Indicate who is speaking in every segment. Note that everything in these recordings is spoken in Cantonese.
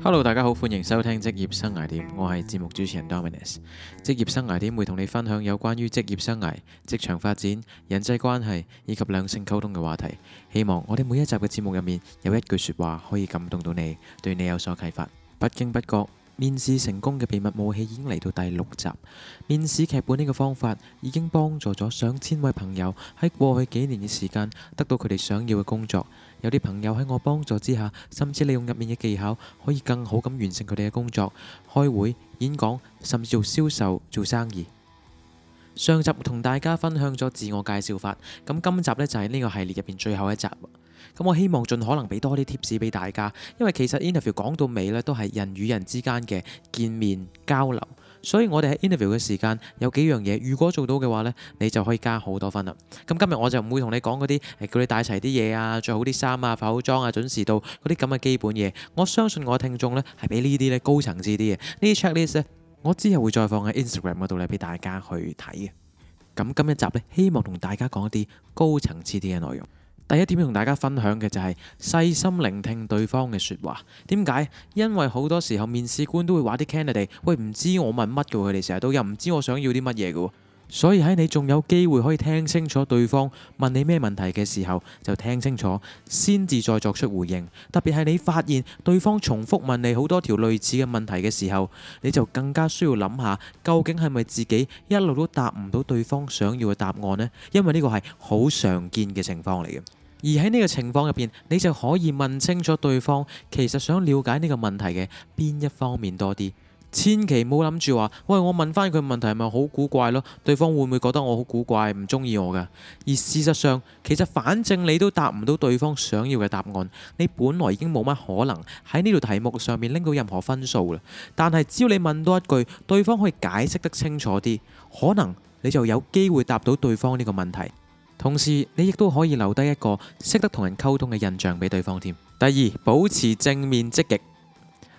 Speaker 1: Hello，大家好，歡迎收聽職業生涯點，我係節目主持人 Dominus。職業生涯點會同你分享有關於職業生涯、職場發展、人際關係以及兩性溝通嘅話題，希望我哋每一集嘅節目入面有一句說話可以感動到你，對你有所啟發，不經不覺，面試成功嘅秘密武器已經嚟到第六集。面試劇本呢個方法已經幫助咗上千位朋友喺過去幾年嘅時間得到佢哋想要嘅工作。有啲朋友喺我幫助之下，甚至利用入面嘅技巧可以更好咁完成佢哋嘅工作、開會、演講，甚至做銷售、做生意。上集同大家分享咗自我介紹法，咁今集呢就係呢個系列入邊最後一集。咁我希望盡可能俾多啲 tips 俾大家，因為其實 interview 講到尾呢都係人與人之間嘅見面交流，所以我哋喺 interview 嘅時間有幾樣嘢，如果做到嘅話呢，你就可以加好多分啦。咁今日我就唔會同你講嗰啲，誒叫你帶齊啲嘢啊，着好啲衫啊，化好妝啊，準時到嗰啲咁嘅基本嘢。我相信我嘅聽眾呢係比呢啲呢高層次啲嘅。呢啲 check list 呢，我之後會再放喺 Instagram 度嚟俾大家去睇嘅。咁今一集呢，希望同大家講一啲高層次啲嘅內容。第一點要同大家分享嘅就係細心聆聽對方嘅說話。點解？因為好多時候面試官都會話啲 candidate，喂，唔知我問乜嘅，佢哋成日都又唔知我想要啲乜嘢嘅。所以喺你仲有機會可以聽清楚對方問你咩問題嘅時候，就聽清楚先至再作出回應。特別係你發現對方重複問你好多條類似嘅問題嘅時候，你就更加需要諗下究竟係咪自己一路都答唔到對方想要嘅答案呢？因為呢個係好常見嘅情況嚟嘅。而喺呢個情況入邊，你就可以問清楚對方其實想了解呢個問題嘅邊一方面多啲。千祈唔好諗住話，喂，我問翻佢問題係咪好古怪咯？對方會唔會覺得我好古怪，唔中意我噶？而事實上，其實反正你都答唔到對方想要嘅答案，你本來已經冇乜可能喺呢條題目上面拎到任何分數啦。但係只要你問多一句，對方可以解釋得清楚啲，可能你就有機會答到對方呢個問題。同時，你亦都可以留低一個識得同人溝通嘅印象俾對方添。第二，保持正面積極。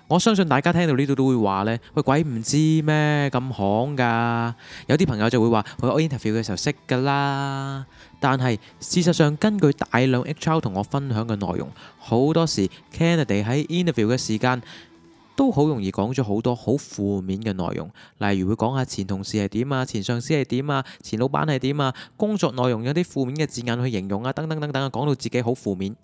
Speaker 1: 我相信大家聽到呢度都會話呢，喂，鬼唔知咩咁行㗎？有啲朋友就會話：我 interview 嘅時候識㗎啦。但係事實上，根據大量 HR 同我分享嘅內容，好多時 candidate 喺 interview 嘅時間，都好容易講咗好多好負面嘅內容，例如會講下前同事係點啊、前上司係點啊、前老闆係點啊，工作內容有啲負面嘅字眼去形容啊，等等等等，講到自己好負面。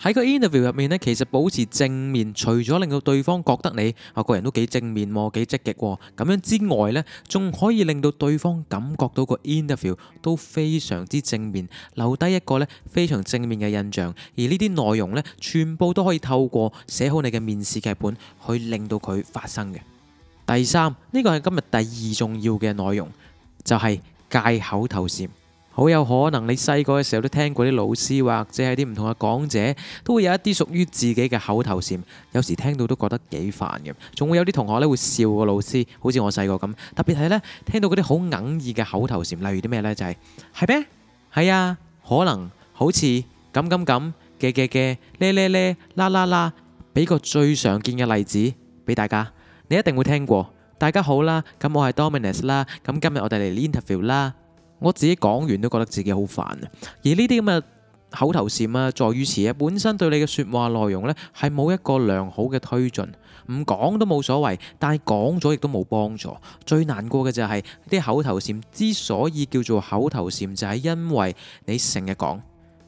Speaker 1: 喺個 interview 入面呢，其實保持正面，除咗令到對方覺得你啊個人都幾正面喎，幾積極喎，咁樣之外呢，仲可以令到對方感覺到個 interview 都非常之正面，留低一個呢非常正面嘅印象。而呢啲內容呢，全部都可以透過寫好你嘅面試劇本去令到佢發生嘅。第三，呢、這個係今日第二重要嘅內容，就係、是、戒口頭禪。好有可能，你細個嘅時候都聽過啲老師或者係啲唔同嘅講者，都會有一啲屬於自己嘅口頭禪。有時聽到都覺得幾煩嘅，仲會有啲同學咧會笑個老師。好似我細個咁，特別係咧聽到嗰啲好哽耳嘅口頭禪，例如啲咩呢？就係係咩？係啊，可能好似咁咁咁嘅嘅嘅咧咧咧啦啦啦。俾個，個，個，個最常見嘅例子俾大家，你一定會聽過。大家好啦，咁我係 Dominus 啦，咁今日我哋嚟 interview 啦。我自己講完都覺得自己好煩啊！而呢啲咁嘅口頭禪啊、助語詞啊，本身對你嘅説話內容呢，係冇一個良好嘅推進，唔講都冇所謂，但係講咗亦都冇幫助。最難過嘅就係啲口頭禪之所以叫做口頭禪，就係因為你成日講，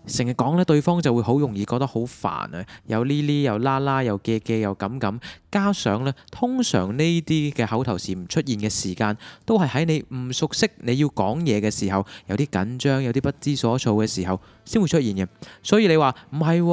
Speaker 1: 成日講呢，對方就會好容易覺得好煩啊！又呢呢，又啦啦，又嘅嘅，又咁咁。加上咧，通常呢啲嘅口頭禪出現嘅時間，都係喺你唔熟悉你要講嘢嘅時候，有啲緊張，有啲不知所措嘅時候，先會出現嘅。所以你話唔係，係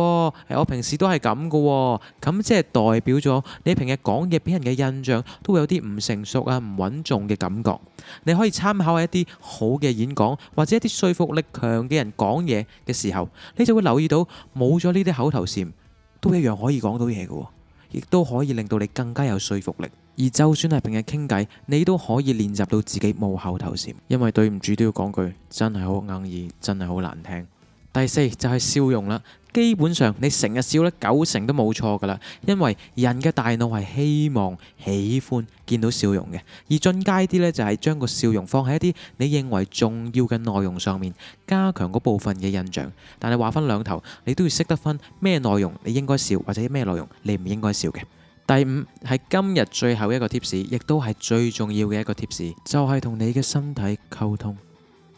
Speaker 1: 我平時都係咁嘅，咁即係代表咗你平日講嘢俾人嘅印象，都會有啲唔成熟啊、唔穩重嘅感覺。你可以參考一啲好嘅演講，或者一啲說服力強嘅人講嘢嘅時候，你就會留意到，冇咗呢啲口頭禪，都一樣可以講到嘢嘅。亦都可以令到你更加有說服力，而就算係平日傾偈，你都可以練習到自己冇口頭禪，因為對唔住都要講句，真係好硬耳，真係好難聽。第四就係笑容啦。基本上你成日笑咧，九成都冇錯噶啦，因為人嘅大腦係希望喜歡見到笑容嘅。而進階啲呢就係將個笑容放喺一啲你認為重要嘅內容上面，加強嗰部分嘅印象。但係話分兩頭，你都要識得分咩內容你應該笑，或者咩內容你唔應該笑嘅。第五係今日最後一個 tips，亦都係最重要嘅一個 tips，就係同你嘅身體溝通。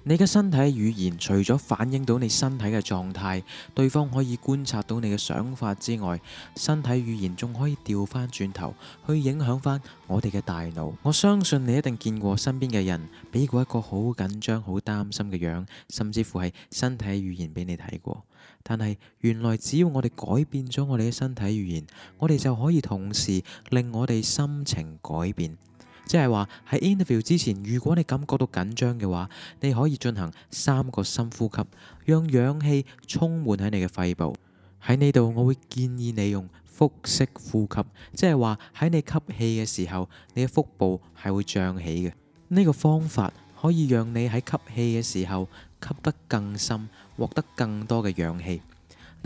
Speaker 1: 你嘅身體語言除咗反映到你身體嘅狀態，對方可以觀察到你嘅想法之外，身體語言仲可以調翻轉頭去影響翻我哋嘅大腦。我相信你一定見過身邊嘅人，俾過一個好緊張、好擔心嘅樣，甚至乎係身體語言俾你睇過。但係原來只要我哋改變咗我哋嘅身體語言，我哋就可以同時令我哋心情改變。即係話喺 interview 之前，如果你感覺到緊張嘅話，你可以進行三個深呼吸，讓氧氣充滿喺你嘅肺部。喺呢度我會建議你用腹式呼吸，即係話喺你吸氣嘅時候，你嘅腹部係會脹起嘅。呢個方法可以讓你喺吸氣嘅時候吸得更深，獲得更多嘅氧氣。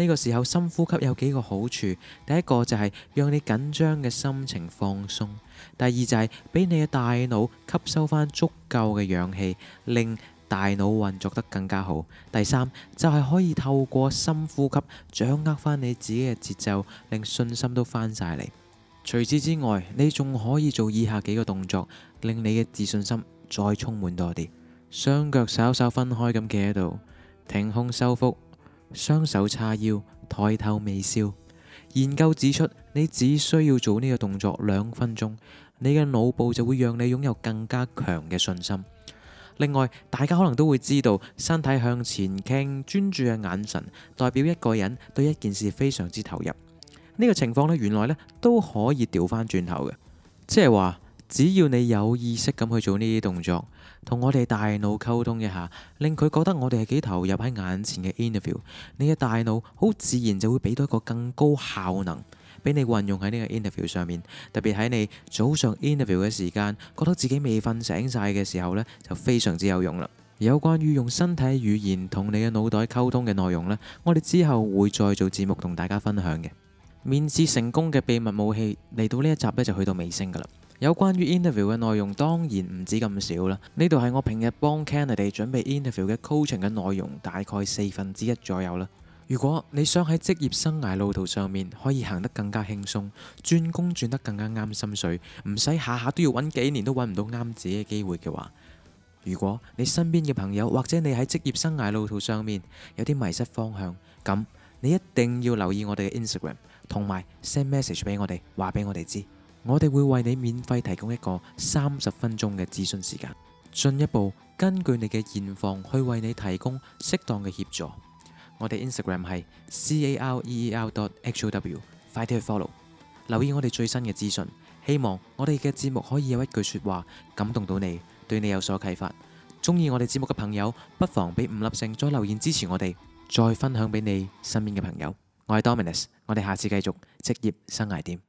Speaker 1: 呢個時候深呼吸有幾個好處，第一個就係讓你緊張嘅心情放鬆，第二就係俾你嘅大腦吸收翻足夠嘅氧氣，令大腦運作得更加好。第三就係可以透過深呼吸掌握翻你自己嘅節奏，令信心都翻晒嚟。除此之外，你仲可以做以下幾個動作，令你嘅自信心再充滿多啲。雙腳稍稍分開咁企喺度，挺胸收腹。雙手叉腰，抬頭微笑。研究指出，你只需要做呢個動作兩分鐘，你嘅腦部就會讓你擁有更加強嘅信心。另外，大家可能都會知道，身體向前傾、專注嘅眼神，代表一個人對一件事非常之投入。呢個情況咧，原來咧都可以調翻轉頭嘅，即係話。只要你有意識咁去做呢啲動作，同我哋大腦溝通一下，令佢覺得我哋係幾投入喺眼前嘅 interview，你嘅大腦好自然就會俾到一個更高效能俾你運用喺呢個 interview 上面。特別喺你早上 interview 嘅時間，覺得自己未瞓醒晒嘅時候呢，就非常之有用啦。有關於用身體語言同你嘅腦袋溝通嘅內容呢，我哋之後會再做節目同大家分享嘅。面試成功嘅秘密武器嚟到呢一集呢，就去到尾聲噶啦。有關於 interview 嘅內容，當然唔止咁少啦。呢度係我平日幫 candidate 準備 interview 嘅 coaching 嘅內容，大概四分之一左右啦。如果你想喺職業生涯路途上面可以行得更加輕鬆，轉工轉得更加啱心水，唔使下下都要揾幾年都揾唔到啱自己嘅機會嘅話，如果你身邊嘅朋友或者你喺職業生涯路途上面有啲迷失方向，咁你一定要留意我哋嘅 Instagram，同埋 send message 俾我哋，話俾我哋知。我哋會為你免費提供一個三十分鐘嘅諮詢時間，進一步根據你嘅現況去為你提供適當嘅協助。我哋 Instagram 係 Career.how，快啲去 follow，留意我哋最新嘅資訊。希望我哋嘅節目可以有一句說話感動到你，對你有所啟發。中意我哋節目嘅朋友，不妨俾五粒星再留言支持我哋，再分享俾你身邊嘅朋友。我係 Dominus，我哋下次繼續職業生涯點。